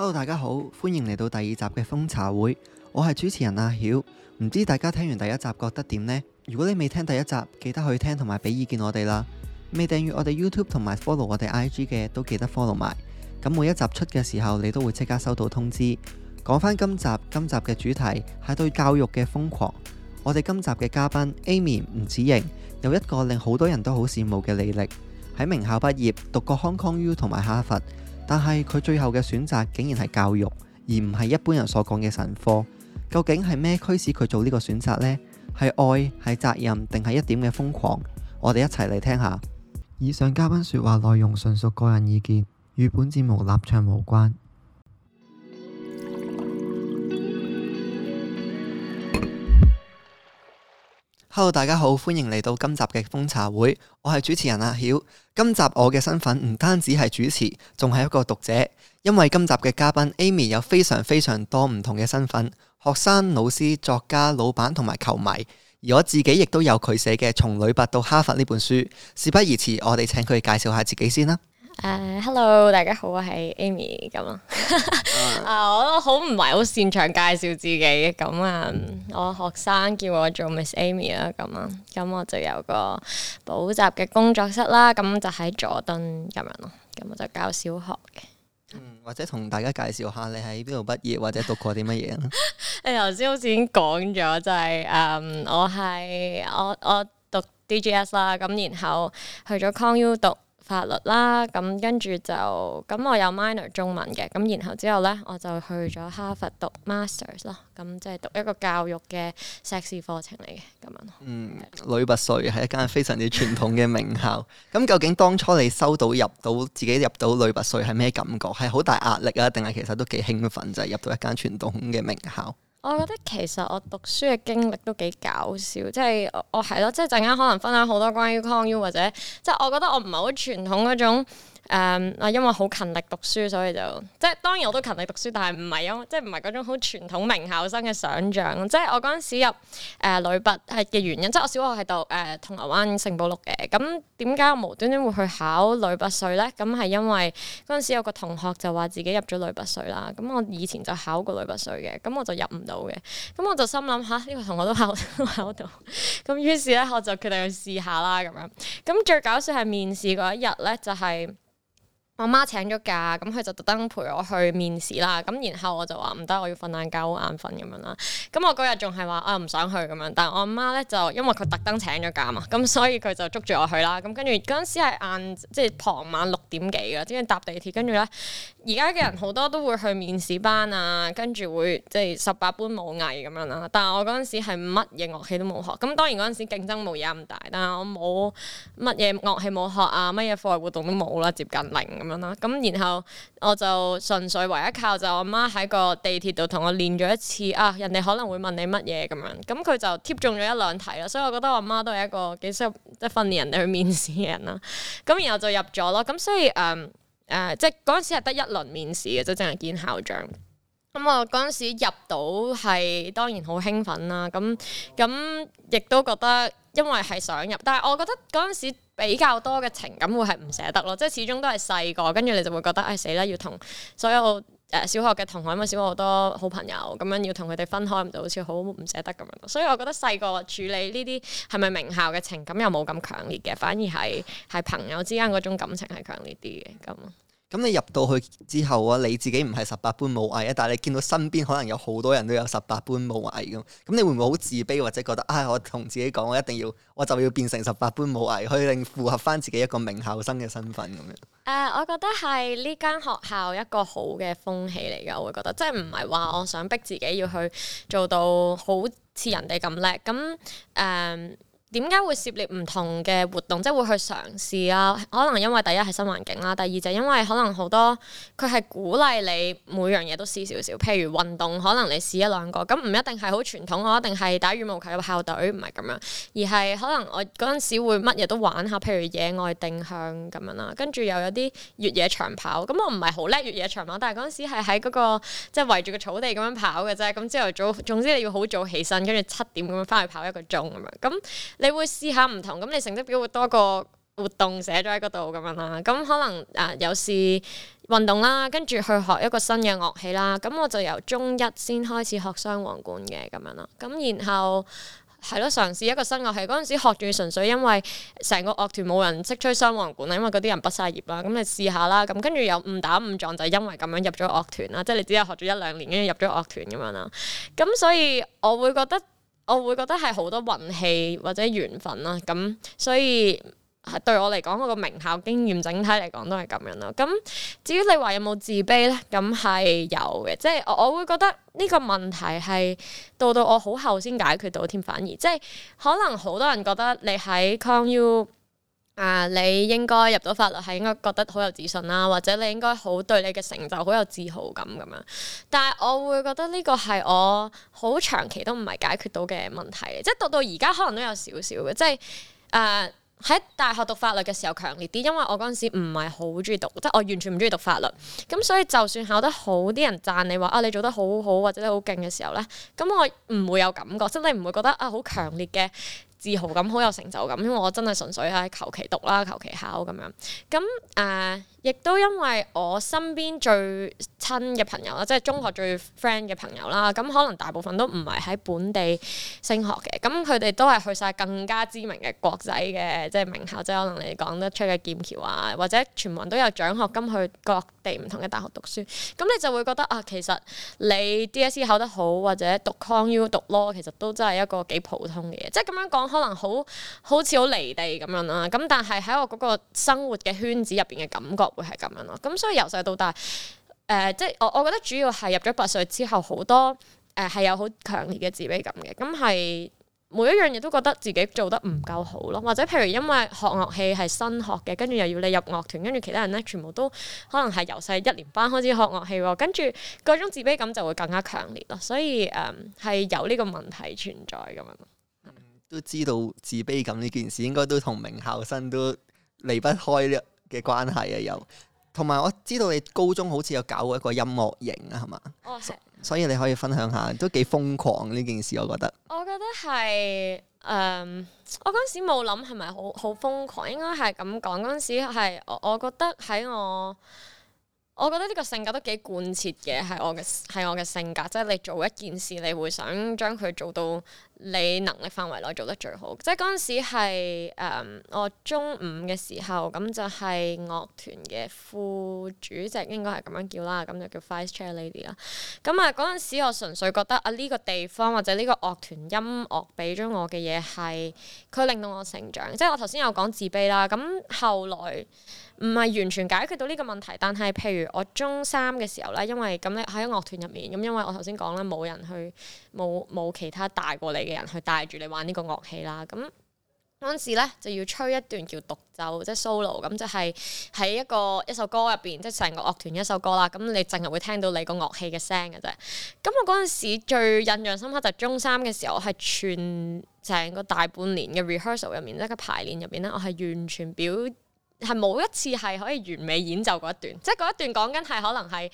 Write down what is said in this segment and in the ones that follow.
Hello，大家好，歡迎嚟到第二集嘅瘋茶會，我係主持人阿曉，唔知大家聽完第一集覺得點呢？如果你未聽第一集，記得去聽同埋俾意見我哋啦。未訂閱我哋 YouTube 同埋 follow 我哋 IG 嘅，都記得 follow 埋。咁每一集出嘅時候，你都會即刻收到通知。講翻今集，今集嘅主題係對教育嘅瘋狂。我哋今集嘅嘉賓 Amy 吳芷盈，有一個令好多人都好羨慕嘅履歷。喺名校畢業，讀過 Hong Kong U 同埋哈佛。但係佢最後嘅選擇竟然係教育，而唔係一般人所講嘅神科。究竟係咩驅使佢做呢個選擇呢？係愛，係責任，定係一點嘅瘋狂？我哋一齊嚟聽下。以上嘉賓說話內容純屬個人意見，與本節目立場無關。Hello，大家好，歡迎嚟到今集嘅瘋茶會，我係主持人阿曉。今集我嘅身份唔單止係主持，仲係一個讀者，因為今集嘅嘉賓 Amy 有非常非常多唔同嘅身份，學生、老師、作家、老闆同埋球迷，而我自己亦都有佢寫嘅《從女拔到哈佛》呢本書。事不宜遲，我哋請佢介紹下自己先啦。誒、uh,，hello，大家好，我係 Amy 咁，嗯、啊， 啊，我都好唔係好擅長介紹自己咁啊，嗯嗯嗯，我學生叫我做 Miss Amy 啦、嗯，咁啊，咁我就有個補習嘅工作室啦，咁就喺佐敦咁樣咯，咁我就教小學嘅、嗯。或者同大家介紹下你喺邊度畢業或者讀過啲乜嘢咧？ 你頭先好似已經講咗，就係、是、誒、嗯，我係我我讀 DGS 啦，咁然後去咗 Kong U 讀。法律啦，咁跟住就咁，我有 minor 中文嘅，咁然後之後呢，我就去咗哈佛讀 masters 咯，咁即係讀一個教育嘅碩士課程嚟嘅，咁樣。嗯，女拔萃係一間非常之傳統嘅名校，咁 究竟當初你收到入到自己入到女拔萃係咩感覺？係好大壓力啊，定係其實都幾興奮，就係、是、入到一間傳統嘅名校。我覺得其實我讀書嘅經歷都幾搞笑，即係我係咯，即係陣間可能分享好多關於港 U 或者，即係我覺得我唔係好傳統嗰種。誒，我、um, 因為好勤力讀書，所以就即係當然我都勤力讀書，但係唔係因為即係唔係嗰種好傳統名校生嘅想像，即係我嗰陣時入誒女、呃、拔係嘅原因，即係我小學係讀誒銅鑼灣聖保祿嘅。咁點解我無端端會去考女拔萃咧？咁係因為嗰陣時有個同學就話自己入咗女拔萃啦。咁我以前就考過女拔萃嘅，咁我就入唔到嘅。咁我就心諗吓，呢、這個同學都考考到，咁於是咧我就決定去試下啦咁樣。咁最搞笑係面試嗰一日咧、就是，就係。我媽請咗假，咁佢就特登陪我去面試啦。咁然後我就話唔得，我要瞓晏覺，好眼瞓咁樣啦。咁我嗰日仲係話，我唔想去咁樣。但係我阿媽咧就因為佢特登請咗假嘛，咁所以佢就捉住我去啦。咁跟住嗰陣時係晏，即係傍晚六點幾㗎，即係搭地鐵。跟住咧，而家嘅人好多都會去面試班啊，跟住會即係十八般武藝咁樣啦。但係我嗰陣時係乜嘢樂器都冇學，咁當然嗰陣時競爭冇嘢咁大，但係我冇乜嘢樂器冇學啊，乜嘢課外活動都冇啦，接近零咁然後我就純粹唯一靠就我媽喺個地鐵度同我練咗一次啊，人哋可能會問你乜嘢咁樣，咁佢就貼中咗一兩題啦，所以我覺得我媽都係一個幾識即係訓練人哋去面試嘅人啦。咁然後就入咗咯，咁所以誒誒、呃呃，即係嗰陣時係得一輪面試嘅啫，淨係見校長。咁、嗯、我嗰陣時入到係當然好興奮啦，咁咁亦都覺得因為係想入，但係我覺得嗰陣時。比較多嘅情感會係唔捨得咯，即係始終都係細個，跟住你就會覺得唉、哎，死啦，要同所有誒、呃、小學嘅同學咁樣，小學好多好朋友咁樣要同佢哋分開，就好似好唔捨得咁樣。所以我覺得細個處理呢啲係咪名校嘅情感又冇咁強烈嘅，反而係係朋友之間嗰種感情係強烈啲嘅咁。咁你入到去之後啊，你自己唔係十八般武藝啊，但係你見到身邊可能有好多人都有十八般武藝咁，咁你會唔會好自卑或者覺得啊、哎，我同自己講，我一定要我就要變成十八般武藝，可以令符合翻自己一個名校生嘅身份咁樣。誒、呃，我覺得係呢間學校一個好嘅風氣嚟㗎，我會覺得即係唔係話我想逼自己要去做到好似人哋咁叻咁誒。點解會涉獵唔同嘅活動？即係會去嘗試啊？可能因為第一係新環境啦，第二就因為可能好多佢係鼓勵你每樣嘢都試少少。譬如運動，可能你試一兩個，咁唔一定係好傳統。我一定係打羽毛球嘅校隊，唔係咁樣，而係可能我嗰陣時會乜嘢都玩下，譬如野外定向咁樣啦。跟住又有啲越野長跑，咁我唔係好叻越野長跑，但係嗰陣時係喺嗰個即係圍住個草地咁樣跑嘅啫。咁朝頭早，總之你要好早起身，跟住七點咁樣返去跑一個鐘咁樣咁。你會試下唔同，咁你成績表會多個活動寫咗喺嗰度咁樣啦。咁可能誒、啊、有時運動啦，跟住去學一個新嘅樂器啦。咁我就由中一先開始學雙簧管嘅咁樣啦。咁然後係咯，嘗試一個新樂器嗰陣時學住純粹因為成個樂團冇人識吹雙簧管啦，因為嗰啲人畢曬業啦。咁你試下啦。咁跟住又誤打誤撞就因為咁樣入咗樂團啦，即係你只係學咗一兩年跟住入咗樂團咁樣啦。咁所以我會覺得。我會覺得係好多運氣或者緣分啦，咁所以對我嚟講，我個名校經驗整體嚟講都係咁樣囉。咁至於你話有冇自卑咧，咁係有嘅，即係我我會覺得呢個問題係到到我好後先解決到添，反而即係可能好多人覺得你喺 Kong U 啊，你應該入到法律系，應該覺得好有自信啦，或者你應該好對你嘅成就好有自豪感咁樣。但係我會覺得呢個係我好長期都唔係解決到嘅問題，即係到到而家可能都有少少嘅，即係誒。啊喺大學讀法律嘅時候強烈啲，因為我嗰陣時唔係好中意讀，即係我完全唔中意讀法律。咁所以就算考得好，啲人讚你話啊你做得好好或者你好勁嘅時候咧，咁我唔會有感覺，即係你唔會覺得啊好強烈嘅自豪感、好有成就感，因為我真係純粹係求其讀啦、求其考咁樣。咁誒、呃，亦都因為我身邊最親嘅朋友啦，即係中學最 friend 嘅朋友啦，咁可能大部分都唔係喺本地升學嘅，咁佢哋都係去晒更加知名嘅國際嘅。即係名校，即係可能你講得出嘅劍橋啊，或者全部人都有獎學金去各地唔同嘅大學讀書，咁你就會覺得啊，其實你 DSE 考得好或者讀 CU 讀 law，其實都真係一個幾普通嘅嘢。即係咁樣講，可能好好似好離地咁樣啦。咁但係喺我嗰個生活嘅圈子入邊嘅感覺會，會係咁樣咯。咁所以由細到大，誒、呃，即係我我覺得主要係入咗拔萃之後，好多誒係、呃、有好強烈嘅自卑感嘅。咁係。每一樣嘢都覺得自己做得唔夠好咯，或者譬如因為學樂器係新學嘅，跟住又要你入樂團，跟住其他人咧全部都可能係由細一年班開始學樂器，跟住嗰種自卑感就會更加強烈咯。所以誒係、嗯、有呢個問題存在咁樣咯。都知道自卑感呢件事應該都同名校生都離不開嘅關係啊，有。同埋我知道你高中好似有搞過一個音樂營，啊，係嘛？哦，係，所以你可以分享下，都幾瘋狂呢件事，我覺得。我覺得係，誒、呃，我嗰時冇諗係咪好好瘋狂，應該係咁講，嗰時係我，我覺得喺我。我覺得呢個性格都幾貫徹嘅，係我嘅係我嘅性格，即係你做一件事，你會想將佢做到你能力範圍內做得最好。即係嗰陣時係、嗯、我中五嘅時候，咁就係樂團嘅副主席，應該係咁樣叫啦，咁就叫 Vice Chair Lady 啦。咁啊嗰陣時我純粹覺得啊呢、呢個地方或者呢個樂團音樂俾咗我嘅嘢係佢令到我成長，即係我頭先有講自卑啦，咁後來。唔係完全解決到呢個問題，但係譬如我中三嘅時候咧，因為咁咧喺樂團入面，咁因為我頭先講啦，冇人去，冇冇其他大過你嘅人去帶住你玩呢個樂器啦。咁嗰陣時咧就要吹一段叫獨奏，即係 solo，咁就係、是、喺一個一首歌入邊，即係成個樂團一首歌啦。咁你淨係會聽到你個樂器嘅聲嘅啫。咁我嗰陣時最印象深刻就係中三嘅時候，我係全成個大半年嘅 rehearsal 入面，即、就、係、是、排練入邊咧，我係完全表。係冇一次係可以完美演奏嗰一段，即係嗰一段講緊係可能係誒、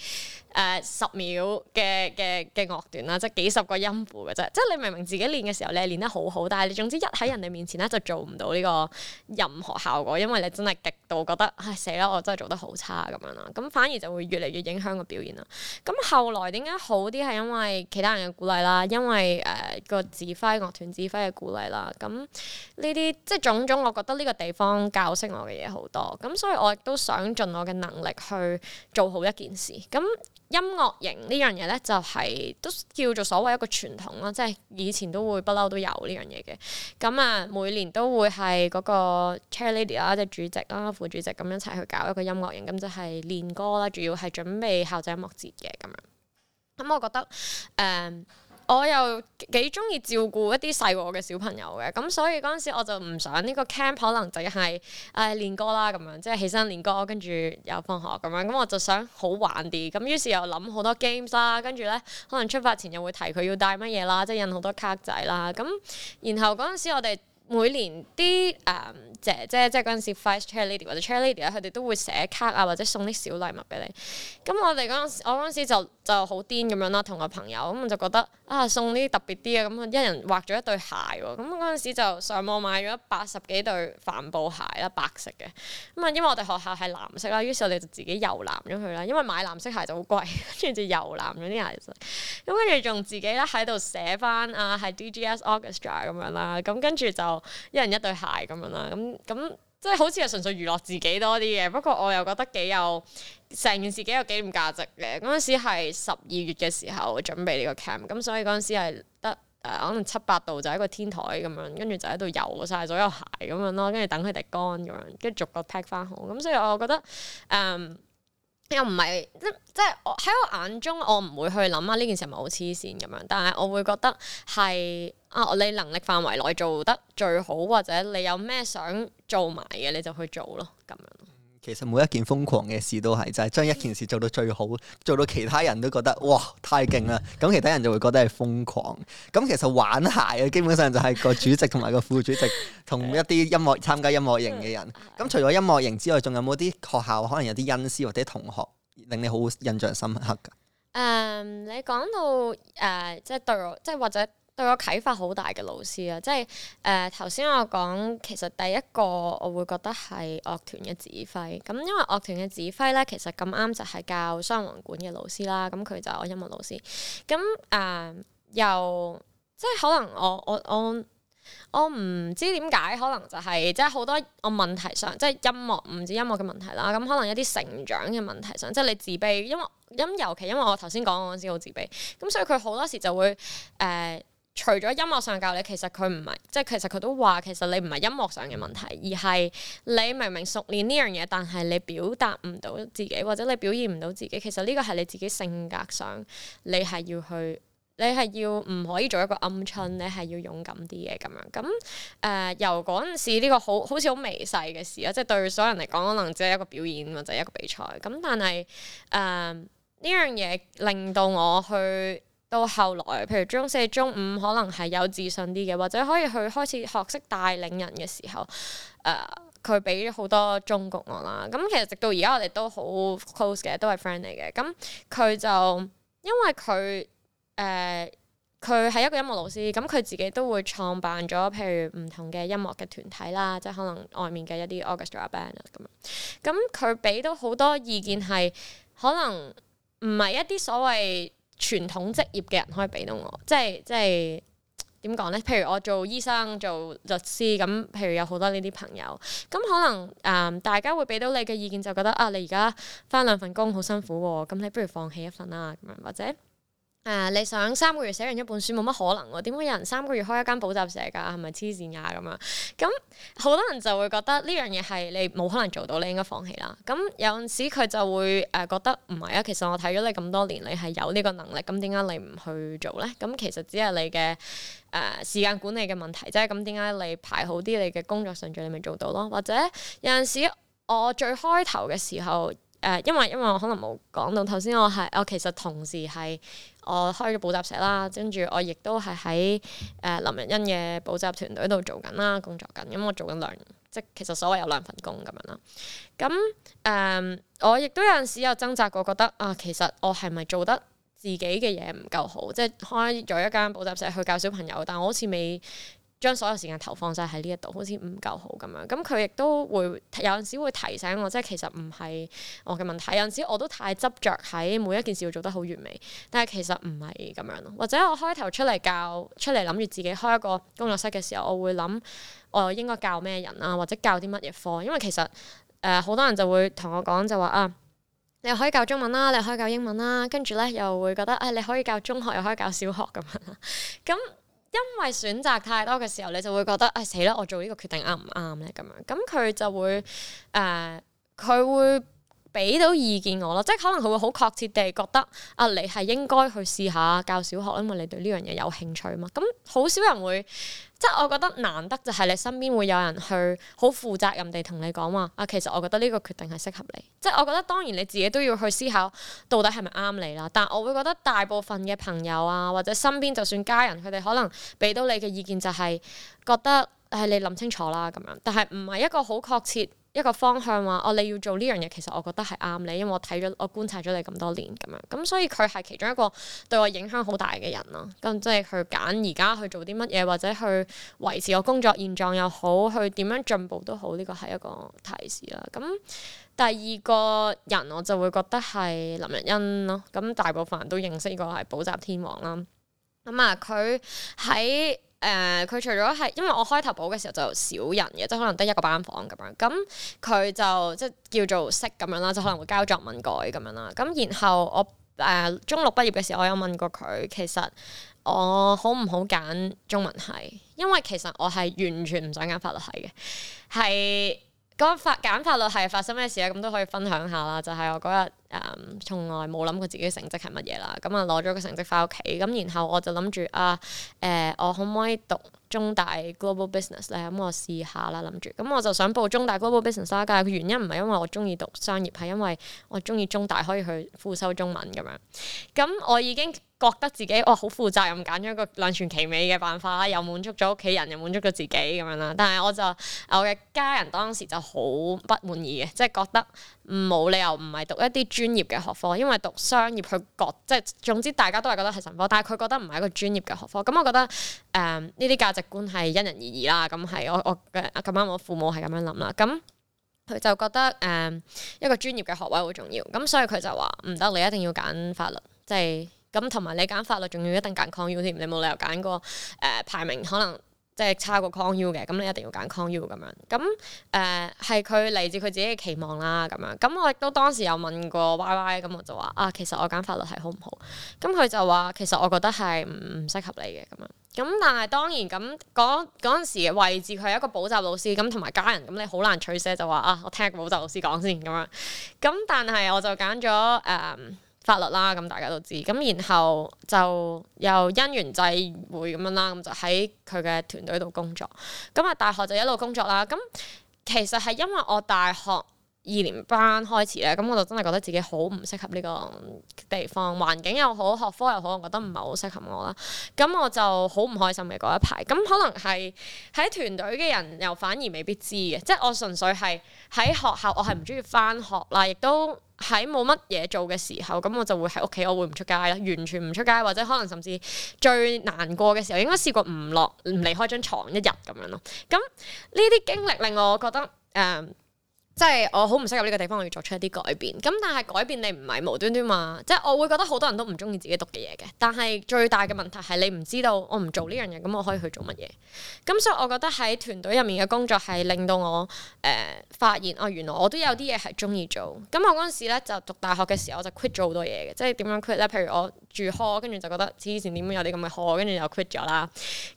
呃、十秒嘅嘅嘅樂段啦，即係幾十個音符嘅啫。即係你明明自己練嘅時候，你係練得好好，但係你總之一喺人哋面前咧，就做唔到呢個任何效果，因為你真係極度覺得唉，死啦，我真係做得好差咁樣啦。咁反而就會越嚟越影響個表現啦。咁後來點解好啲，係因為其他人嘅鼓勵啦，因為誒、呃、個指揮樂團指揮嘅鼓勵啦。咁呢啲即係種種，我覺得呢個地方教識我嘅嘢好咁所以，我亦都想盡我嘅能力去做好一件事。咁音樂營呢樣嘢咧，就係、是、都叫做所謂一個傳統啦，即係以前都會不嬲都有呢樣嘢嘅。咁啊，每年都會係嗰個 chair lady 啦、啊、即係主席啦、啊、副主席咁一齊去搞一個音樂營。咁、嗯、就係、是、練歌啦，主要係準備校際音樂節嘅咁樣。咁我覺得誒。嗯我又幾中意照顧一啲細過我嘅小朋友嘅，咁所以嗰陣時我就唔想呢個 camp 可能就係、是、誒、呃、練歌啦咁樣，即係起身練歌，跟住又放學咁樣。咁我就想好玩啲，咁於是又諗好多 games 啦，跟住咧可能出發前又會提佢要帶乜嘢啦，即係印好多卡仔啦。咁然後嗰陣時我哋每年啲誒、呃、姐姐即係嗰陣時 vice chair lady 或者 chair lady 佢哋都會寫卡啊或者送啲小禮物俾你。咁我哋嗰陣時我嗰陣時就就好癲咁樣啦，同個朋友咁我就覺得。啊，送啲特別啲嘅，咁啊，一人畫咗一對鞋喎，咁嗰陣時就上網買咗八十幾對帆布鞋啦，白色嘅，咁啊因為我哋學校係藍色啦，於是我就自己油藍咗佢啦，因為買藍色鞋就好貴，跟住就油藍咗啲鞋，咁跟住仲自己咧喺度寫翻啊，係 DGS Orchestra 咁樣啦，咁跟住就一人一對鞋咁樣啦，咁咁即係好似係純粹娛樂自己多啲嘅，不過我又覺得幾有。成件事幾有紀念價值嘅，嗰陣時係十二月嘅時候準備呢個 camp，咁所以嗰陣時係得誒、呃、可能七八度，就喺個天台咁樣，跟住就喺度游晒所有鞋咁樣咯，跟住等佢哋乾咁樣，跟住逐個 pack 翻好。咁所以我覺得誒、嗯、又唔係即即係喺我眼中，我唔會去諗啊呢件事係咪好黐線咁樣，但係我會覺得係啊你能力範圍內做得最好，或者你有咩想做埋嘅，你就去做咯咁樣。其實每一件瘋狂嘅事都係，就係、是、將一件事做到最好，做到其他人都覺得哇，太勁啦，咁其他人就會覺得係瘋狂。咁其實玩鞋，基本上就係個主席同埋個副主席，同一啲音樂參加音樂營嘅人。咁除咗音樂營之外，仲有冇啲學校可能有啲恩師或者同學令你好印象深刻噶？誒、嗯，你講到誒、呃，即係對我，即係或者。對我啟發好大嘅老師啊，即係誒頭先我講，其實第一個我會覺得係樂團嘅指揮，咁、嗯、因為樂團嘅指揮咧，其實咁啱就係教雙簧管嘅老師啦，咁、嗯、佢就係我音樂老師，咁、嗯、誒、呃、又即係可能我我我我唔知點解，可能就係、是、即係好多我問題上，即係音樂唔止音樂嘅問題啦，咁、嗯、可能一啲成長嘅問題上，即係你自卑，因為因尤其因為我頭先講我陣時好自卑，咁、嗯、所以佢好多時就會誒。呃除咗音樂上教你，其實佢唔係，即係其實佢都話，其實你唔係音樂上嘅問題，而係你明明熟練呢樣嘢，但係你表達唔到自己，或者你表現唔到自己。其實呢個係你自己性格上，你係要去，你係要唔可以做一個鵪鶉，你係要勇敢啲嘅咁樣。咁誒、呃，由嗰陣時呢個好好似好微細嘅事啦，即係對所有人嚟講，可能只係一個表演或者一個比賽。咁但係誒呢樣嘢令到我去。到後來，譬如中四、中五，可能係有自信啲嘅，或者可以去開始學識帶領人嘅時候，誒、呃，佢俾咗好多忠告我啦。咁、嗯、其實直到而家我哋都好 close 嘅，都係 friend 嚟嘅。咁、嗯、佢就因為佢誒，佢、呃、係一個音樂老師，咁、嗯、佢自己都會創辦咗，譬如唔同嘅音樂嘅團體啦，即係可能外面嘅一啲 orchestra band 啊咁樣。咁佢俾到好多意見係，可能唔係一啲所謂。傳統職業嘅人可以俾到我，即係即係點講咧？譬如我做醫生、做律師，咁譬如有好多呢啲朋友，咁可能誒、嗯、大家會俾到你嘅意見，就覺得啊，你而家返兩份工好辛苦喎，咁你不如放棄一份啦，咁樣或者。誒、啊，你想三個月寫完一本書冇乜可能喎，啊？點解有人三個月開一間補習社㗎？係咪黐線呀咁樣？咁好多人就會覺得呢樣嘢係你冇可能做到，你應該放棄啦。咁、嗯、有陣時佢就會誒、呃、覺得唔係啊，其實我睇咗你咁多年，你係有呢個能力，咁點解你唔去做咧？咁、嗯、其實只係你嘅誒、呃、時間管理嘅問題啫。咁點解你排好啲你嘅工作順序，你咪做到咯？或者有陣時我最開頭嘅時候誒、呃，因為因為我可能冇講到頭先，我係我其實同時係。我開咗補習社啦，跟住我亦都係喺誒林仁恩嘅補習團隊度做緊啦，工作緊。咁我做緊兩，即其實所謂有兩份工咁樣啦。咁誒、嗯，我亦都有陣時有掙扎過，覺得啊、呃，其實我係咪做得自己嘅嘢唔夠好？即係開咗一間補習社去教小朋友，但我好似未。將所有時間投放晒喺呢一度，好似唔夠好咁樣。咁佢亦都會有陣時會提醒我，即係其實唔係我嘅問題。有陣時我都太執著喺每一件事要做得好完美，但係其實唔係咁樣咯。或者我開頭出嚟教、出嚟諗住自己開一個工作室嘅時候，我會諗我應該教咩人啊，或者教啲乜嘢課。因為其實誒好、呃、多人就會同我講就話啊，你可以教中文啦、啊，你可以教英文啦、啊，跟住咧又會覺得誒、啊、你可以教中學，又可以教小學咁樣啦。咁因為選擇太多嘅時候，你就會覺得，哎，死啦！我做呢個決定啱唔啱咧？咁樣。咁佢就會誒，佢、呃、會俾到意見我咯，即係可能佢會好確切地覺得啊，你係應該去試下教小學，因為你對呢樣嘢有興趣啊嘛。咁好少人會，即係我覺得難得就係你身邊會有人去好負責任地同你講話啊。其實我覺得呢個決定係適合你，即係我覺得當然你自己都要去思考到底係咪啱你啦。但係我會覺得大部分嘅朋友啊，或者身邊就算家人，佢哋可能俾到你嘅意見就係覺得誒、哎，你諗清楚啦咁樣。但係唔係一個好確切。一個方向話，哦，你要做呢樣嘢，其實我覺得係啱你，因為我睇咗，我觀察咗你咁多年咁樣，咁所以佢係其中一個對我影響好大嘅人咯。咁即係去揀而家去做啲乜嘢，或者去維持個工作現狀又好，去點樣進步都好，呢個係一個提示啦。咁第二個人我就會覺得係林溢欣咯。咁大部分人都認識個係補習天王啦。咁啊，佢喺。誒佢、呃、除咗係因為我開頭補嘅時候就少人嘅，即係可能得一個班房咁樣，咁佢就即係叫做識咁樣啦，就可能會交作文改咁樣啦。咁然後我誒、呃、中六畢業嘅時候，我有問過佢，其實我好唔好揀中文系？因為其實我係完全唔想揀法律系嘅，係。嗰法揀法律係發生咩事咧？咁都可以分享下啦。就係、是、我嗰日誒，從來冇諗過自己成績係乜嘢啦。咁啊攞咗個成績翻屋企，咁然後我就諗住啊誒、呃，我可唔可以讀中大 Global Business 咧？咁我試下啦，諗住。咁我就想報中大 Global Business 啦。但係個原因唔係因為我中意讀商業，係因為我中意中大可以去副修中文咁樣。咁我已經。覺得自己哇好負責任，揀咗一個兩全其美嘅辦法啦，又滿足咗屋企人，又滿足咗自己咁樣啦。但係我就我嘅家人當時就好不滿意嘅，即係覺得冇理由唔係讀一啲專業嘅學科，因為讀商業去覺即係總之大家都係覺得係神科，但係佢覺得唔係一個專業嘅學科。咁我覺得誒呢啲價值觀係因人而異啦。咁係我我啊咁啱我父母係咁樣諗啦。咁佢就覺得誒、呃、一個專業嘅學位好重要，咁所以佢就話唔得，你一定要揀法律，即係。咁同埋你揀法律，仲要一定揀 Kong U 添，你冇理由揀個誒排名可能即係差過 Kong U 嘅，咁你一定要揀 Kong U 咁樣。咁誒係佢嚟自佢自己嘅期望啦，咁樣。咁我亦都當時有問過 Y Y，咁我就話啊，其實我揀法律係好唔好？咁佢就話其實我覺得係唔唔適合你嘅咁樣。咁但係當然咁嗰嗰陣時嘅位置，佢係一個補習老師，咁同埋家人，咁你好難取捨就話啊，我聽下補習老師講先咁樣。咁但係我就揀咗誒。呃法律啦，咁大家都知，咁然後就又因緣際會咁樣啦，咁就喺佢嘅團隊度工作，咁啊大學就一路工作啦，咁其實係因為我大學。二年班開始咧，咁我就真係覺得自己好唔適合呢個地方，環境又好，學科又好，我覺得唔係好適合我啦。咁我就好唔開心嘅嗰一排。咁可能係喺團隊嘅人又反而未必知嘅，即係我純粹係喺學校，我係唔中意返學啦，亦都喺冇乜嘢做嘅時候，咁我就會喺屋企，我會唔出街啦，完全唔出街，或者可能甚至最難過嘅時候，應該試過唔落唔離開張床一日咁樣咯。咁呢啲經歷令我覺得誒。嗯即係我好唔適合呢個地方，我要作出一啲改變。咁但係改變你唔係無端端嘛，即係我會覺得好多人都唔中意自己讀嘅嘢嘅。但係最大嘅問題係你唔知道我，我唔做呢樣嘢，咁我可以去做乜嘢？咁所以我覺得喺團隊入面嘅工作係令到我誒、呃、發現，哦，原來我都有啲嘢係中意做。咁我嗰陣時咧就讀大學嘅時候，我就 quit 咗好多嘢嘅，即係點樣 quit 咧？譬如我住 hall，跟住就覺得黐線點有啲咁嘅 hall，跟住就 quit 咗啦。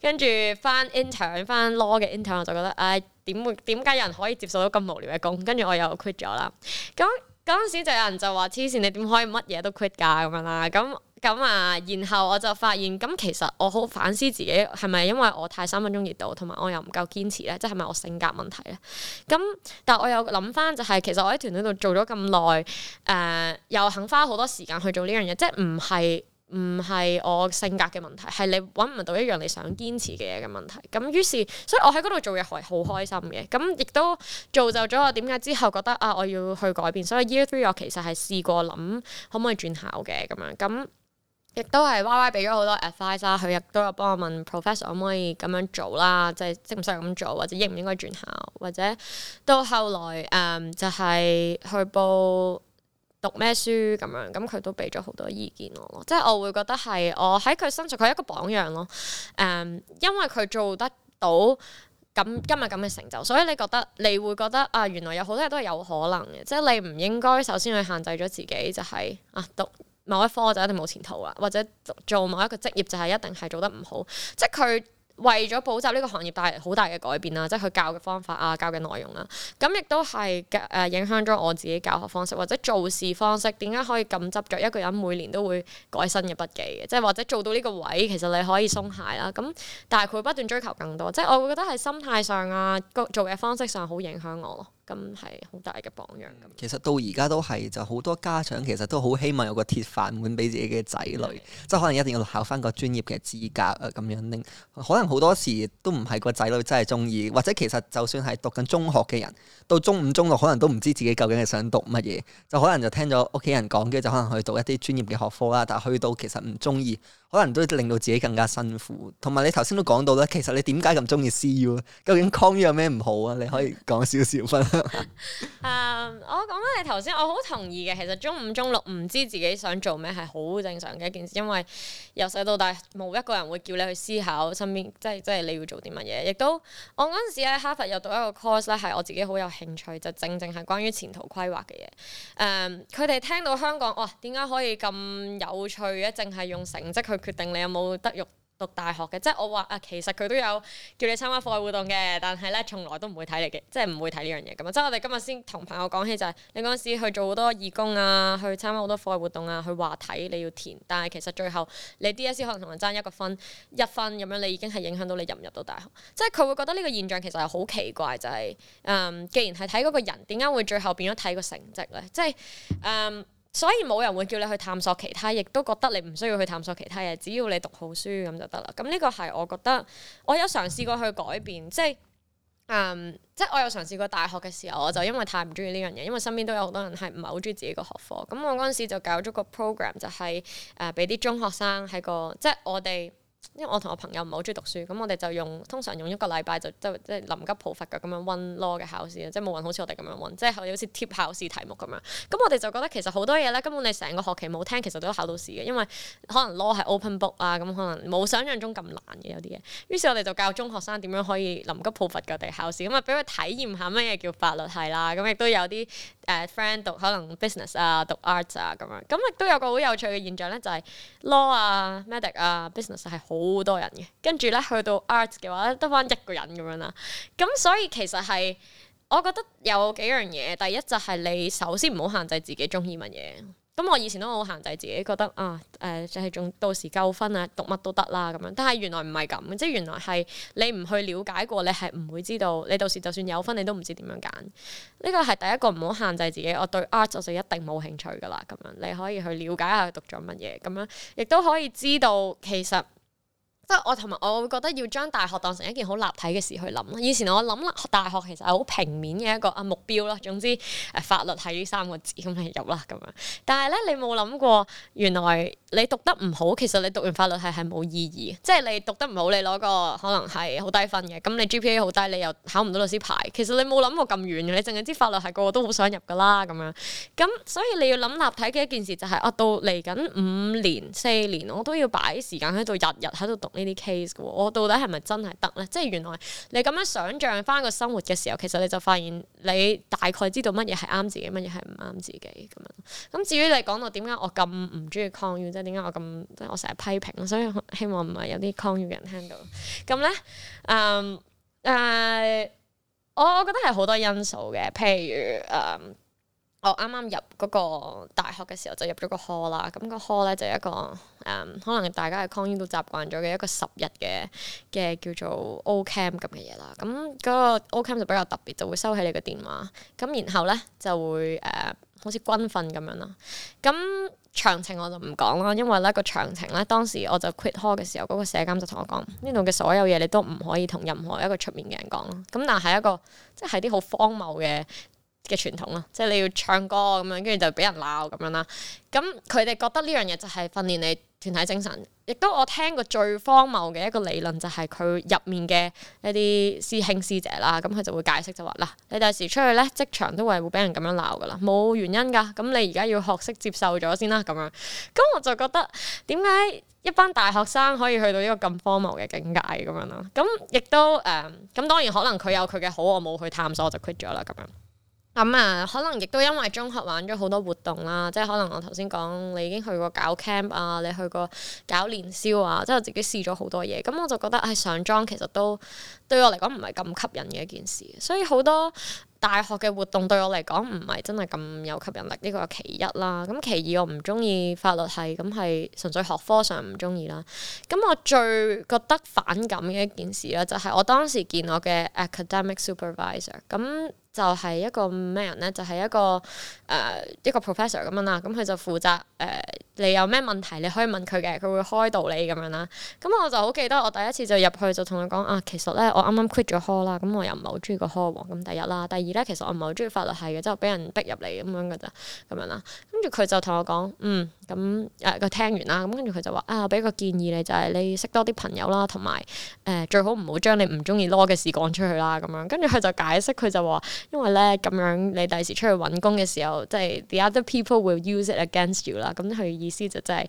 跟住翻 intern，翻 law 嘅 intern，我就覺得唉。呃點會，點解有人可以接受到咁無聊嘅工？跟住我又 quit 咗啦。咁嗰陣時就有人就話黐線，你點可以乜嘢都 quit 噶咁樣啦？咁咁啊，然後我就發現，咁其實我好反思自己係咪因為我太三分鐘熱度，同埋我又唔夠堅持咧？即係咪我性格問題咧？咁但係我又諗翻就係、是，其實我喺團隊度做咗咁耐，誒、呃，又肯花好多時間去做呢樣嘢，即係唔係。唔係我性格嘅問題，係你搵唔到一樣你想堅持嘅嘢嘅問題。咁於是，所以我喺嗰度做嘢係好開心嘅。咁亦都造就咗我點解之後覺得啊，我要去改變。所以 year three 我其實係試過諗可唔可以轉校嘅咁樣。咁亦都係 Y Y 俾咗好多 advice 啦。佢亦都有幫我問 professor 可唔可以咁樣做啦，即係識唔識咁做，或者應唔應該轉校，或者到後來誒、嗯、就係、是、去報。讀咩書咁樣，咁佢都俾咗好多意見我咯，即係我會覺得係我喺佢身上佢係一個榜樣咯，誒、嗯，因為佢做得到咁今日咁嘅成就，所以你覺得你會覺得啊，原來有好多嘢都係有可能嘅，即係你唔應該首先去限制咗自己，就係、是、啊讀某一科就一定冇前途啊，或者做某一個職業就係一定係做得唔好，即係佢。為咗補習呢個行業帶嚟好大嘅改變啦，即係佢教嘅方法啊，教嘅內容啊，咁亦都係誒、呃、影響咗我自己教學方式或者做事方式。點解可以咁執著一個人每年都會改新嘅筆記嘅？即係或者做到呢個位，其實你可以鬆懈啦。咁但係佢不斷追求更多，即係我會覺得喺心態上啊，個做嘢方式上好影響我。咁係好大嘅榜樣。其實到而家都係，就好多家長其實都好希望有個鐵飯碗俾自己嘅仔女，即係的可能一定要考翻個專業嘅資格啊，咁樣。拎可能好多時都唔係個仔女真係中意，或者其實就算係讀緊中學嘅人，到中五、中六可能都唔知自己究竟係想讀乜嘢，就可能就聽咗屋企人講，嘅，就可能去讀一啲專業嘅學科啦。但係去到其實唔中意。可能都令到自己更加辛苦，同埋你頭先都講到咧，其實你點解咁中意 CU 啊，究竟 con 有咩唔好啊？你可以講少少分享下。嗯，我講翻你頭先，我好同意嘅。其實中五中六唔知自己想做咩係好正常嘅一件事，因為由細到大冇一個人會叫你去思考身邊，即係即係你要做啲乜嘢。亦都我嗰陣時喺哈佛有讀一個 course 咧，係我自己好有興趣，就正正係關於前途規劃嘅嘢。誒，佢哋聽到香港哇，點解可以咁有趣嘅？淨係用成績去。決定你有冇得讀大學嘅，即係我話啊，其實佢都有叫你參加課外活動嘅，但係咧從來都唔會睇你嘅，即係唔會睇呢樣嘢咁啊！即係我哋今日先同朋友講起就係、是、你嗰陣時去做好多義工啊，去參加好多課外活動啊，去話睇你要填，但係其實最後你 DSE 可能同人爭一個分一分咁樣，你已經係影響到你入唔入到大學。即係佢會覺得呢個現象其實係好奇怪，就係、是、誒、嗯，既然係睇嗰個人，點解會最後變咗睇個成績咧？即係誒。嗯。所以冇人會叫你去探索其他，亦都覺得你唔需要去探索其他嘢。只要你讀好書咁就得啦。咁呢個係我覺得，我有嘗試過去改變，即係，嗯，即係我有嘗試過大學嘅時候，我就因為太唔中意呢樣嘢，因為身邊都有好多人係唔係好中意自己個學科。咁我嗰陣時就搞咗個 program，就係誒俾啲中學生喺個，即係我哋。因為我同我朋友唔係好中意讀書，咁我哋就用通常用一個禮拜就即即、即係、臨急抱佛腳咁樣溫 law 嘅考試啦，即冇運好似我哋咁樣溫，即係好似貼考試題目咁樣。咁我哋就覺得其實好多嘢咧，根本你成個學期冇聽，其實都考到試嘅，因為可能 law 係 open book 啊，咁可能冇想象中咁難嘅有啲嘢。於是我哋就教中學生點樣可以臨急抱佛腳地考試，咁啊俾佢體驗下咩嘢叫法律係啦。咁亦都有啲誒、uh, friend 讀可能 business 啊，讀 arts 啊咁樣，咁亦都有個好有趣嘅現象咧，就係、係、law 啊、medical 啊、business 係、啊。Business 啊好多人嘅，跟住咧去到 arts 嘅話，得翻一個人咁樣啦。咁所以其實係，我覺得有幾樣嘢。第一就係你首先唔好限制自己中意乜嘢。咁我以前都好限制自己，覺得啊，誒、呃，就係、是、仲到時夠分啊，讀乜都得啦咁樣。但係原來唔係咁，即係原來係你唔去了解過，你係唔會知道。你到時就算有分，你都唔知點樣揀。呢、這個係第一個唔好限制自己。我對 arts 就一定冇興趣噶啦。咁樣你可以去了解下讀咗乜嘢，咁樣亦都可以知道其實。即我同埋，我會覺得要將大學當成一件好立體嘅事去諗。以前我諗，大學其實係好平面嘅一個啊目標啦。總之法律系呢三個字，咁你入啦咁樣。但係咧，你冇諗過，原來你讀得唔好，其實你讀完法律係係冇意義嘅。即係你讀得唔好，你攞個可能係好低分嘅，咁你 GPA 好低，你又考唔到律師牌。其實你冇諗過咁遠，你淨係知法律係個個都好想入噶啦咁樣。咁所以你要諗立體嘅一件事就係、是，我、啊、到嚟緊五年、四年，我都要擺時間喺度，日日喺度讀。呢啲 case 嘅我到底係咪真係得咧？即係原來你咁樣想象翻個生活嘅時候，其實你就發現你大概知道乜嘢係啱自己，乜嘢係唔啱自己咁樣。咁至於你講到點解我咁唔中意抗議，即係點解我咁即係我成日批評，所以希望唔係有啲抗議人聽到。咁咧，誒誒，我我覺得係好多因素嘅，譬如誒。Um, 我啱啱入嗰個大學嘅時候就入咗個 hall 啦，咁、那個 hall 咧就一個誒、嗯，可能大家嘅 con 都習慣咗嘅一個十日嘅嘅叫做 O camp 咁嘅嘢啦，咁、那、嗰個 O camp 就比較特別，就會收起你嘅電話，咁然後咧就會誒、呃、好似軍訓咁樣啦，咁詳情我就唔講啦，因為咧、那個詳情咧當時我就 quit hall 嘅時候，嗰、那個社監就同我講，呢度嘅所有嘢你都唔可以同任何一個出面嘅人講咯，咁但係一個即係啲好荒謬嘅。嘅傳統咯，即係你要唱歌咁樣，跟住就俾人鬧咁樣啦。咁佢哋覺得呢樣嘢就係訓練你團體精神。亦都我聽過最荒謬嘅一個理論就係佢入面嘅一啲師兄師姐啦，咁佢就會解釋就話：嗱，你第時出去咧，職場都會會俾人咁樣鬧噶啦，冇原因噶。咁你而家要學識接受咗先啦，咁樣。咁我就覺得點解一班大學生可以去到呢個咁荒謬嘅境界咁樣啦？咁亦都誒，咁、呃、當然可能佢有佢嘅好，我冇去探索我就 quit 咗啦，咁樣。咁啊、嗯，可能亦都因為中學玩咗好多活動啦，即係可能我頭先講你已經去過搞 camp 啊，你去過搞年宵啊，即係我自己試咗好多嘢，咁、嗯、我就覺得係、哎、上莊其實都對我嚟講唔係咁吸引嘅一件事，所以好多大學嘅活動對我嚟講唔係真係咁有吸引力，呢、這個係其一啦。咁其二我唔中意法律系，咁係純粹學科上唔中意啦。咁我最覺得反感嘅一件事啦，就係、是、我當時見我嘅 academic supervisor 咁。就係一個咩人咧？就係、是、一個誒、呃、一個 professor 咁樣啦。咁、嗯、佢就負責誒、呃，你有咩問題你可以問佢嘅，佢會開導你咁樣啦。咁我就好記得我第一次就入去就同佢講啊，其實咧我啱啱 quit 咗 hall 啦，咁、啊、我又唔係好中意個 hall 喎。咁、啊、第一啦，第二咧，其實我唔係好中意法律系嘅，即係俾人逼入嚟咁樣嘅咋。咁樣啦，啊、跟住佢就同我講嗯，咁誒佢聽完啦，咁跟住佢就話啊，俾、啊、個建議你就係、是、你識多啲朋友啦，同埋誒最好唔好將你唔中意 law 嘅事講出去啦。咁樣跟住佢就解釋，佢就話，啊啊因為咧咁樣，你第時出去揾工嘅時候，即係 the other people will use it against you 啦。咁佢意思就即係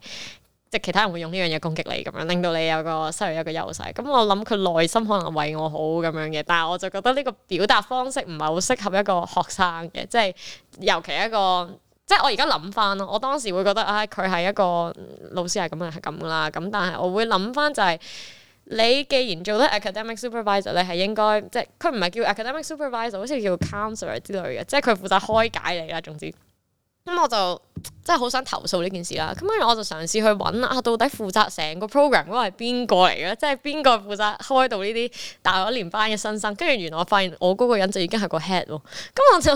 即係其他人會用呢樣嘢攻擊你，咁樣令到你有個失去一個優勢。咁我諗佢內心可能為我好咁樣嘅，但係我就覺得呢個表達方式唔係好適合一個學生嘅，即係尤其一個即係我而家諗翻咯，我當時會覺得唉，佢係一個老師係咁樣係咁噶啦。咁但係我會諗翻就係。你既然做得 academic supervisor 咧，係應該即係佢唔係叫 academic supervisor，好似叫 counselor 之類嘅，即係佢負責開解你啦。總之，咁、嗯、我就即係好想投訴呢件事啦。咁跟住我就嘗試去揾啊，到底負責成個 program 嗰個係邊個嚟嘅，即係邊個負責開導呢啲大學一年班嘅新生？跟住原來我發現我嗰個人就已經係個 head，咁我就。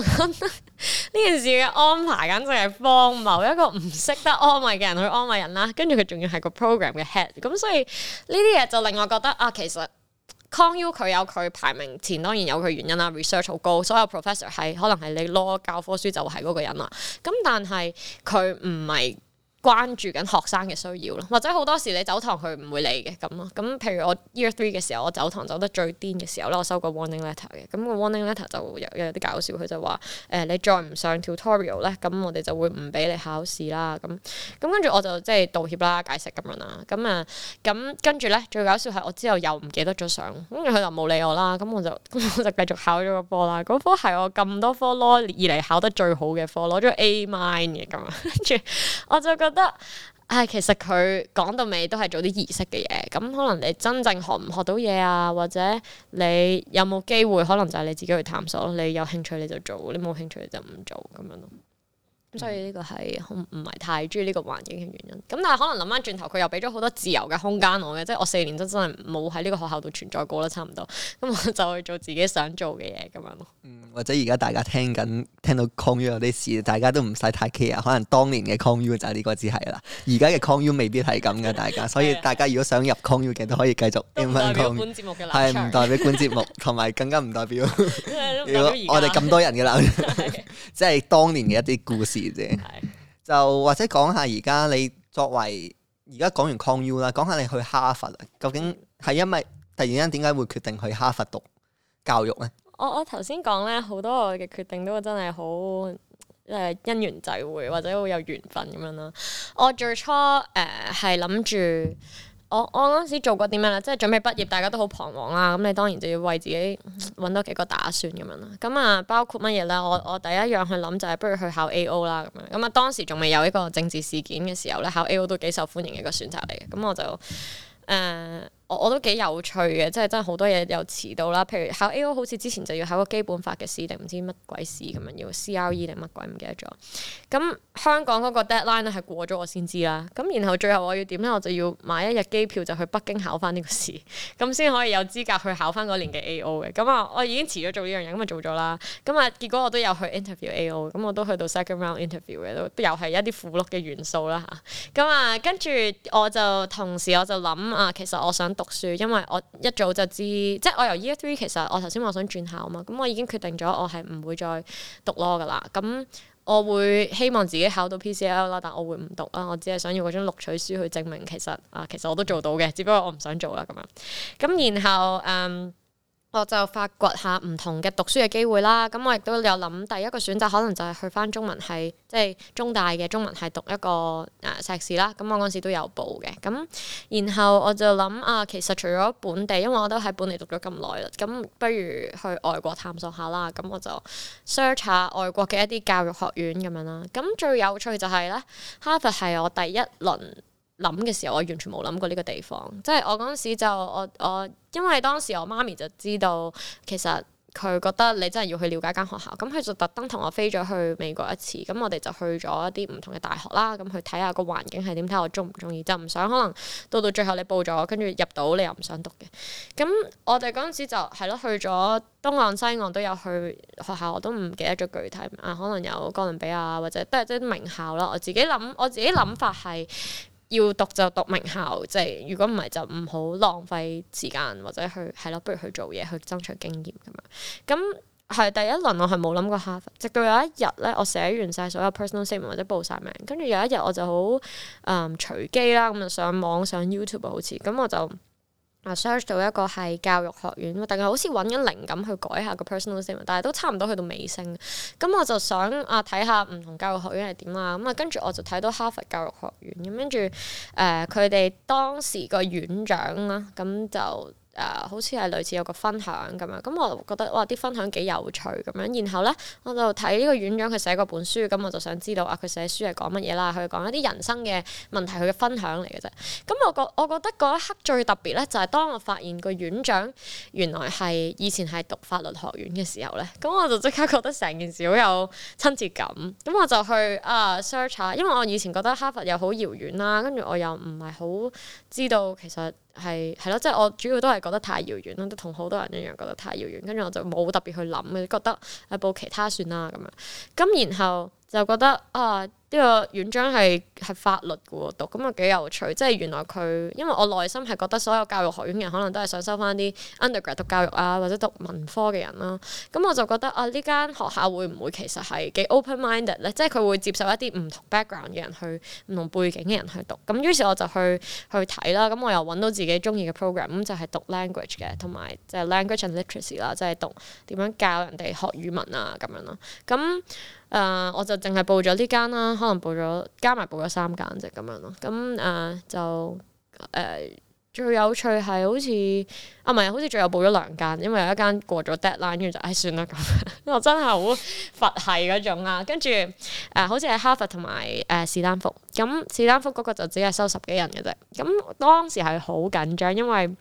呢件事嘅安排荒謬，簡直係幫某一個唔識得安慰嘅人去安慰人啦。跟住佢仲要係個 program 嘅 head，咁、嗯、所以呢啲嘢就令我覺得啊，其實 Con U 佢有佢排名前，當然有佢原因啦。research 好高，所有 professor 係可能係你攞教科書就係嗰個人啦。咁、嗯、但係佢唔係。關注緊學生嘅需要咯，或者好多時你走堂佢唔會理嘅咁咯。咁譬如我 year three 嘅時候，我走堂走得最癲嘅時候咧，我收個 warning letter 嘅。咁、那個 warning letter 就有有啲搞笑，佢就話誒、呃、你再唔上 tutorial 咧，咁我哋就會唔俾你考試啦。咁咁跟住我就即係、就是、道歉啦、解釋咁樣啦。咁啊咁跟住咧最搞笑係我之後又唔記得咗上，跟住佢就冇理我啦。咁我就我就繼續考咗嗰科啦。嗰科係我咁多科以嚟考得最好嘅科，攞咗 A minus 嘅咁。跟住 我就覺。得，唉，其實佢講到尾都係做啲儀式嘅嘢，咁可能你真正學唔學到嘢啊，或者你有冇機會，可能就係你自己去探索咯。你有興趣你就做，你冇興趣你就唔做咁樣咯。所以呢個係唔唔係太中意呢個環境嘅原因。咁但係可能諗翻轉頭，佢又俾咗好多自由嘅空間我嘅，即係我四年真真係冇喺呢個學校度存在過啦，差唔多。咁我就去做自己想做嘅嘢咁樣咯。或者而家大家聽緊聽到抗 U 有啲事，大家都唔使太 care。可能當年嘅 c 抗 U 就係呢，這個只係啦，而家嘅 c 抗 U 未必係咁嘅，大家。所以大家如果想入 c 抗 U 嘅都可以繼續。唔代目嘅係唔代表冠節，節目，同埋 更加唔代表。代表 我哋咁多人嘅男，即係 當年嘅一啲故事。 係就 或者講下而家你作為而家講完港 U 啦，講下你去哈佛啦，究竟係因為突然間點解會決定去哈佛讀教育咧 ？我我頭先講咧，好多我嘅決定都真係好誒，因緣際會或者會有緣分咁樣啦。我最初誒係諗住。呃我我嗰時做過點樣咧？即係準備畢業，大家都好彷徨啊。咁你當然就要為自己搵多幾個打算咁樣啦。咁啊，包括乜嘢咧？我我第一樣去諗就係不如去考 A O 啦。咁樣咁啊，當時仲未有一個政治事件嘅時候咧，考 A O 都幾受歡迎嘅一個選擇嚟嘅。咁我就誒。呃我我都幾有趣嘅，即係真係好多嘢又遲到啦。譬如考 A.O. 好似之前就要考個基本法嘅試定唔知乜鬼試咁樣要 C.R.E. 定乜鬼唔記得咗。咁香港嗰個 deadline 咧係過咗我先知啦。咁然後最後我要點咧？我就要買一日機票就去北京考翻呢個試，咁先可以有資格去考翻嗰年嘅 A.O. 嘅。咁啊，我已經遲咗做呢樣嘢，咁咪做咗啦。咁啊，結果我都有去 interview A.O. 咁我都去到 second round interview 嘅都又係一啲苦碌嘅元素啦。吓咁啊，跟住我就同時我就諗啊，其實我想。讀書，因為我一早就知，即係我由 year three 其實我頭先話想轉校嘛，咁我已經決定咗我係唔會再讀咯噶啦，咁我會希望自己考到 PCL 啦，但我會唔讀啊，我只係想要嗰張錄取書去證明其實啊，其實我都做到嘅，只不過我唔想做啦咁樣，咁然後誒。嗯我就發掘下唔同嘅讀書嘅機會啦，咁我亦都有諗第一個選擇可能就係去翻中文系，即係中大嘅中文系讀一個誒碩士啦。咁我嗰時都有報嘅，咁然後我就諗啊，其實除咗本地，因為我都喺本地讀咗咁耐啦，咁不如去外國探索下啦。咁我就 search 下外國嘅一啲教育學院咁樣啦。咁最有趣就係咧，哈佛係我第一輪。諗嘅時候，我完全冇諗過呢個地方，即係我嗰陣時就我我，因為當時我媽咪就知道，其實佢覺得你真係要去了解間學校，咁佢就特登同我飛咗去美國一次，咁我哋就去咗一啲唔同嘅大學啦，咁去睇下個環境係點，睇我中唔中意，就唔想可能到到最後你報咗，跟住入到你又唔想讀嘅，咁我哋嗰陣時就係咯，去咗東岸西岸都有去學校，我都唔記得咗具體，啊，可能有哥倫比亞或者都係即係名校啦，我自己諗我自己諗法係。要讀就讀名校，即係如果唔係，就唔好浪費時間，或者去係咯，不如去做嘢，去爭取經驗咁樣。咁係第一輪我係冇諗過哈佛，直到有一日咧，我寫完曬所有 personal statement 或者報曬名，跟住有一日我就好嗯隨機啦，咁就上網上 YouTube 好似，咁我就。啊 search 到一個係教育學院，但係好似揾緊靈感去改下個 personal statement，但係都差唔多去到尾聲。咁、嗯、我就想啊，睇下唔同教育學院係點啊。咁、嗯、啊，跟住我就睇到哈佛教育學院咁，跟住誒佢哋當時個院長啦，咁、嗯、就。啊、呃，好似係類似有個分享咁樣，咁我就覺得哇，啲分享幾有趣咁樣。然後咧，我就睇呢個院長佢寫嗰本書，咁我就想知道啊，佢寫書係講乜嘢啦？佢講一啲人生嘅問題，佢嘅分享嚟嘅啫。咁我覺我覺得嗰一刻最特別咧，就係、是、當我發現個院長原來係以前係讀法律學院嘅時候咧，咁我就即刻覺得成件事好有親切感。咁我就去啊 search 下，因為我以前覺得哈佛又好遙遠啦，跟住我又唔係好知道其實。係係咯，即係我主要都係覺得太遙遠咯，都同好多人一樣覺得太遙遠，跟住我就冇特別去諗嘅，覺得、啊、報其他算啦咁樣。咁然後。就覺得啊，呢、呢個院長係係法律嘅喎讀，咁啊幾有趣。即係原來佢，因為我內心係覺得所有教育學院嘅人可能都係想收翻啲 undergrad 讀教育啊，或者讀文科嘅人啦、啊。咁、嗯、我就覺得啊，呢間學校會唔會其實係幾 open minded 咧？即係佢會接受一啲唔同 background 嘅人去，唔同背景嘅人去讀。咁、嗯、於是我就去去睇啦。咁、嗯、我又揾到自己中意嘅 program，咁就係讀 language 嘅，同埋即係 language and literacy 啦，即係讀點樣教人哋學語文啊咁樣咯。咁、嗯嗯誒，uh, 我就淨係報咗呢間啦，可能報咗加埋報咗三間啫咁樣咯。咁誒、uh, 就誒、uh, 最有趣係好似啊，唔係，好似最後報咗兩間，因為有一間過咗 deadline，跟住就唉、哎、算啦咁。 我真係好佛系嗰種啊。跟住誒，uh, 好似係哈佛同埋誒史丹福。咁史丹福嗰個就只係收十幾人嘅啫。咁當時係好緊張，因為。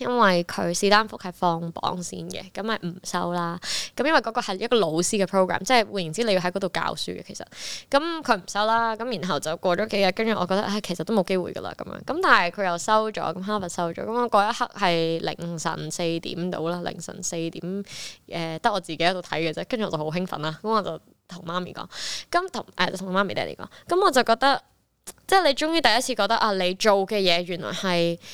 因為佢史丹福係放榜先嘅，咁咪唔收啦。咁因為嗰個係一個老師嘅 program，即係換言之，你要喺嗰度教書嘅其實。咁佢唔收啦。咁然後就過咗幾日，跟住我覺得啊、哎，其實都冇機會噶啦咁樣。咁但係佢又收咗，咁哈佛收咗。咁我嗰一刻係凌晨四點到啦，凌晨四點誒，得、呃、我自己喺度睇嘅啫。跟住我就好興奮啦。咁我就同媽咪講，咁同誒同媽咪爹哋講。咁我就覺得，即係你終於第一次覺得啊，你做嘅嘢原來係～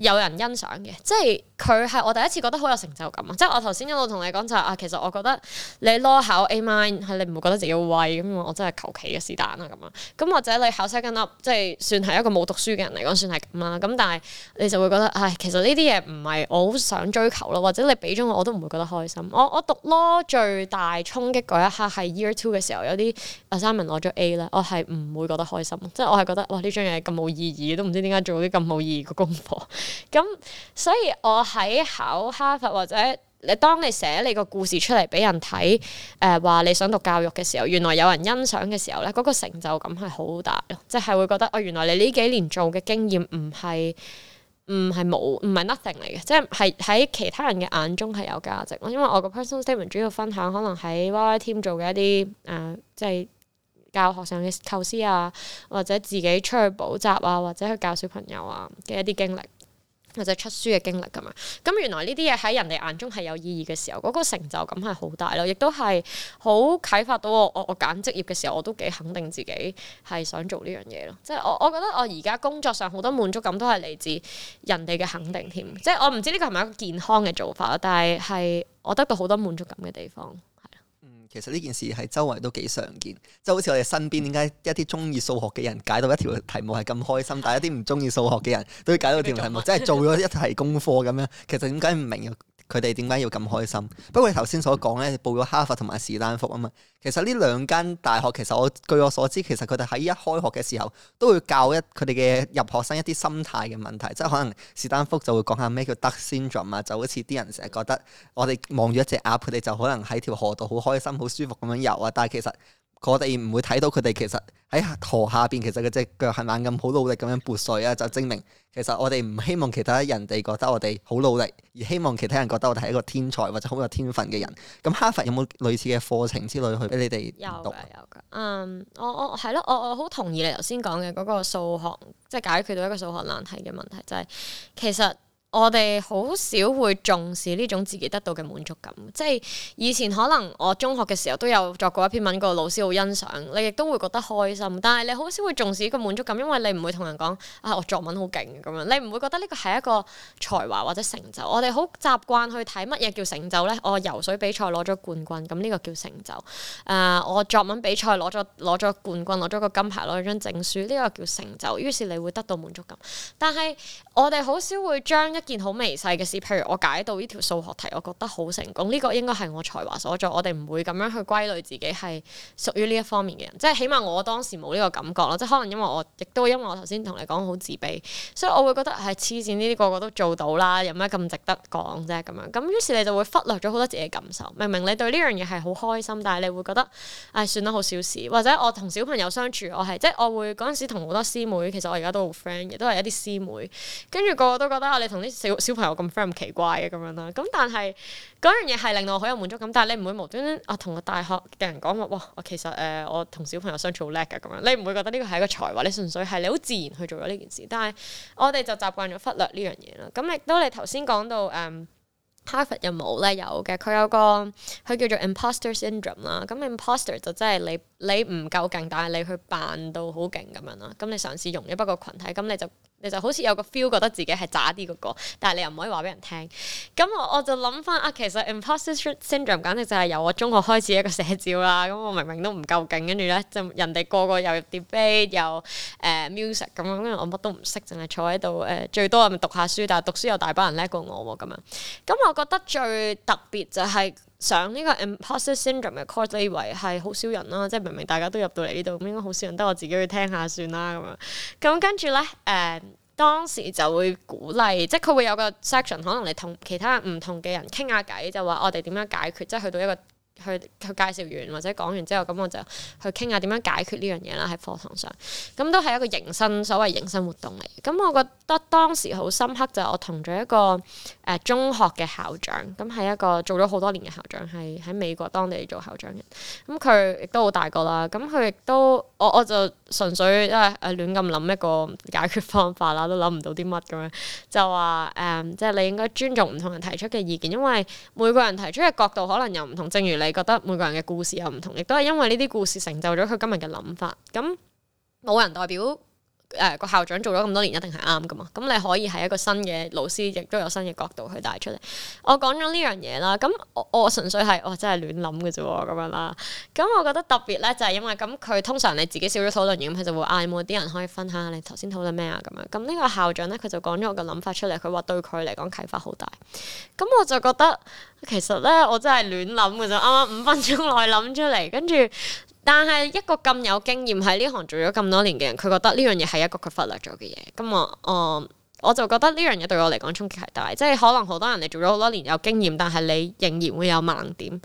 有人欣賞嘅，即係佢係我第一次覺得好有成就感啊！即係我頭先一路同你講就係啊，其實我覺得你 law 考 A minus 係你唔會覺得自己好威咁啊！我真係求其嘅是但啊咁啊！咁或者你考 second up，即係算係一個冇讀書嘅人嚟講，算係咁啦。咁但係你就會覺得唉，其實呢啲嘢唔係我好想追求咯，或者你俾咗我我都唔會覺得開心。我我讀 law 最大衝擊嗰一刻係 year two 嘅時候，有啲 assignment 攞咗 A 咧，我係唔會覺得開心，即係我係覺得哇，呢種嘢咁冇意義，都唔知點解做啲咁冇意義嘅功課。咁、嗯、所以，我喺考哈佛或者你當你寫你個故事出嚟俾人睇，誒、呃、話你想讀教育嘅時候，原來有人欣賞嘅時候咧，嗰、那個成就感係好大咯，即、就、係、是、會覺得哦，原來你呢幾年做嘅經驗唔係唔係冇唔係 nothing 嚟嘅，即係喺其他人嘅眼中係有價值咯。因為我個 personal statement 主要分享可能喺 Y Y team 做嘅一啲誒、即、呃、係、就是、教學上嘅構思啊，或者自己出去補習啊，或者去教小朋友啊嘅一啲經歷。或者出書嘅經歷咁樣，咁原來呢啲嘢喺人哋眼中係有意義嘅時候，嗰個成就感係好大咯，亦都係好啟發到我。我我揀職業嘅時候，我都幾肯定自己係想做呢樣嘢咯。即係我我覺得我而家工作上好多滿足感都係嚟自人哋嘅肯定添。即係我唔知呢個係咪一個健康嘅做法，但係係我得到好多滿足感嘅地方。其實呢件事喺周圍都幾常見，即係好似我哋身邊點解一啲中意數學嘅人解到一條題目係咁開心，但係一啲唔中意數學嘅人都解到條題目，即係 做咗一題功課咁樣。其實點解唔明？佢哋點解要咁開心？不過你頭先所講咧，報咗哈佛同埋士丹福啊嘛。其實呢兩間大學，其實我據我所知，其實佢哋喺一開學嘅時候，都會教一佢哋嘅入學生一啲心態嘅問題，即係可能士丹福就會講下咩叫得先進啊，就好似啲人成日覺得我哋望住一隻鴨，佢哋就可能喺條河度好開心、好舒服咁樣游啊，但係其實。我哋唔會睇到佢哋，其實喺河下邊，其實佢隻腳係猛咁好努力咁樣撥水啊，就證明其實我哋唔希望其他人哋覺得我哋好努力，而希望其他人覺得我哋係一個天才或者好有天分嘅人。咁、嗯、哈佛有冇類似嘅課程之類去俾你哋讀？有噶有噶，嗯，um，我我係咯，我我好同意你頭先講嘅嗰個數學，即係解決到一個數學難題嘅問題，就係其實。我哋好少會重視呢種自己得到嘅滿足感，即係以前可能我中學嘅時候都有作過一篇文，個老師好欣賞，你亦都會覺得開心。但係你好少會重視呢個滿足感，因為你唔會同人講啊，我作文好勁咁樣，你唔會覺得呢個係一個才華或者成就？我哋好習慣去睇乜嘢叫成就咧？我游水比賽攞咗冠軍，咁呢個叫成就。誒、呃，我作文比賽攞咗攞咗冠軍，攞咗個金牌，攞咗張證書，呢、這個叫成就。於是你會得到滿足感。但係我哋好少會將一件好微細嘅事，譬如我解到呢條數學題，我覺得好成功，呢個應該係我才華所在。我哋唔會咁樣去歸類自己係屬於呢一方面嘅人，即係起碼我當時冇呢個感覺咯。即係可能因為我亦都因為我頭先同你講好自卑，所以我會覺得係黐線呢啲個個都做到啦，有咩咁值得講啫咁樣。咁於是你就會忽略咗好多自己嘅感受，明明你對呢樣嘢係好開心，但係你會覺得唉、哎、算啦，好小事。或者我同小朋友相處，我係即係我會嗰陣時同好多師妹，其實我而家都好 friend 嘅，亦都係一啲師妹，跟住個個都覺得我你同啲。小小朋友咁 friend 咁奇怪嘅咁樣啦，咁但係嗰樣嘢係令到我好有滿足感，但係你唔會無端端啊同個大學嘅人講話，哇，我其實誒、呃、我同小朋友相處好叻嘅咁樣，你唔會覺得呢個係一個才華？你純粹係你好自然去做咗呢件事，但係我哋就習慣咗忽略、嗯、呢樣嘢啦。咁亦都你頭先講到誒哈佛有冇咧？有嘅，佢有個佢叫做 imposter syndrome 啦，咁 imposter 就即係你。你唔夠勁，但係你去扮到好勁咁樣啦。咁你嘗試融入一不個群體，咁你就你就好似有個 feel，覺得自己係渣啲嗰個，但係你又唔可以話俾人聽。咁我我就諗翻啊，其實 imposter syndrome 簡直就係由我中學開始一個寫照啦。咁我明明都唔夠勁，跟住咧就人哋個個又入 debate 又誒、uh, music 咁，因為我乜都唔識，淨係坐喺度誒最多咪讀下書，但係讀書有大把人叻過我喎咁樣。咁我覺得最特別就係、是。上呢個 imposter syndrome 嘅 course 你以為係好少人啦、啊，即係明明大家都入到嚟呢度，應該好少人，得我自己去聽下算啦咁樣。咁跟住咧，誒、呃、當時就會鼓勵，即係佢會有個 section，可能你同其他唔同嘅人傾下偈，就話我哋點樣解決，即係去到一個。去去介紹完或者講完之後，咁我就去傾下點樣解決呢樣嘢啦。喺課堂上，咁都係一個迎新，所謂迎新活動嚟。咁我覺得當時好深刻就係我同咗一個誒、呃、中學嘅校長，咁係一個做咗好多年嘅校長，係喺美國當地做校長嘅。咁佢亦都好大個啦，咁佢亦都。我我就純粹因為誒亂咁諗一個解決方法啦，都諗唔到啲乜咁樣，就話誒，即係你應該尊重唔同人提出嘅意見，因為每個人提出嘅角度可能又唔同，正如你覺得每個人嘅故事又唔同，亦都係因為呢啲故事成就咗佢今日嘅諗法，咁冇人代表。誒，個校長做咗咁多年，一定係啱噶嘛？咁你可以係一個新嘅老師，亦都有新嘅角度去帶出嚟。我講咗呢樣嘢啦，咁我我純粹係我、哦、真係亂諗嘅啫，咁樣啦。咁我覺得特別咧，就係、是、因為咁佢通常你自己少咗討論員，咁佢就會嗌冇啲人可以分享下，你頭先討論咩啊？咁樣咁呢個校長咧，佢就講咗我嘅諗法出嚟，佢話對佢嚟講啟發好大。咁我就覺得其實咧，我真係亂諗嘅就啱啱五分鐘內諗出嚟，跟住。但係一個咁有經驗喺呢行做咗咁多年嘅人，佢覺得呢樣嘢係一個佢忽略咗嘅嘢。咁我，嗯、呃，我就覺得呢樣嘢對我嚟講衝擊係大，即係可能好多人你做咗好多年有經驗，但係你仍然會有盲點。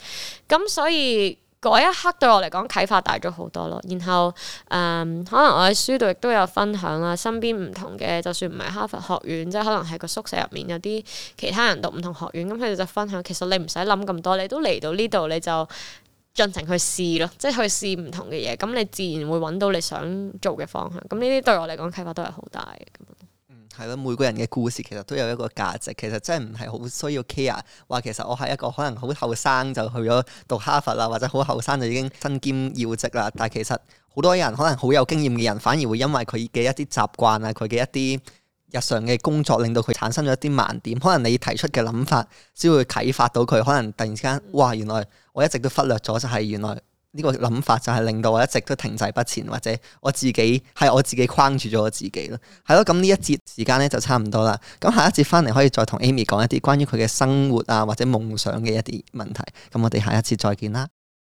咁所以嗰一刻對我嚟講啟發大咗好多咯。然後，嗯，可能我喺書度亦都有分享啦，身邊唔同嘅，就算唔係哈佛學院，即係可能喺個宿舍入面有啲其他人讀唔同學院，咁佢哋就分享，其實你唔使諗咁多，你都嚟到呢度你就盡情去試咯，即係去試唔同嘅嘢，咁你自然會揾到你想做嘅方向。咁呢啲對我嚟講啟發都係好大嘅。嗯，係咯，每個人嘅故事其實都有一個價值，其實真係唔係好需要 care，話其實我係一個可能好後生就去咗讀哈佛啦，或者好後生就已經身兼要職啦。但係其實好多人可能好有經驗嘅人，反而會因為佢嘅一啲習慣啊，佢嘅一啲日常嘅工作，令到佢產生咗一啲盲點。可能你提出嘅諗法，先會啟發到佢。可能突然之間，哇，原來～我一直都忽略咗，就係原來呢個諗法就係令到我一直都停滯不前，或者我自己係我自己框住咗我自己咯。係咯，咁呢一節時間咧就差唔多啦。咁下一節翻嚟可以再同 Amy 講一啲關於佢嘅生活啊或者夢想嘅一啲問題。咁我哋下一節再見啦。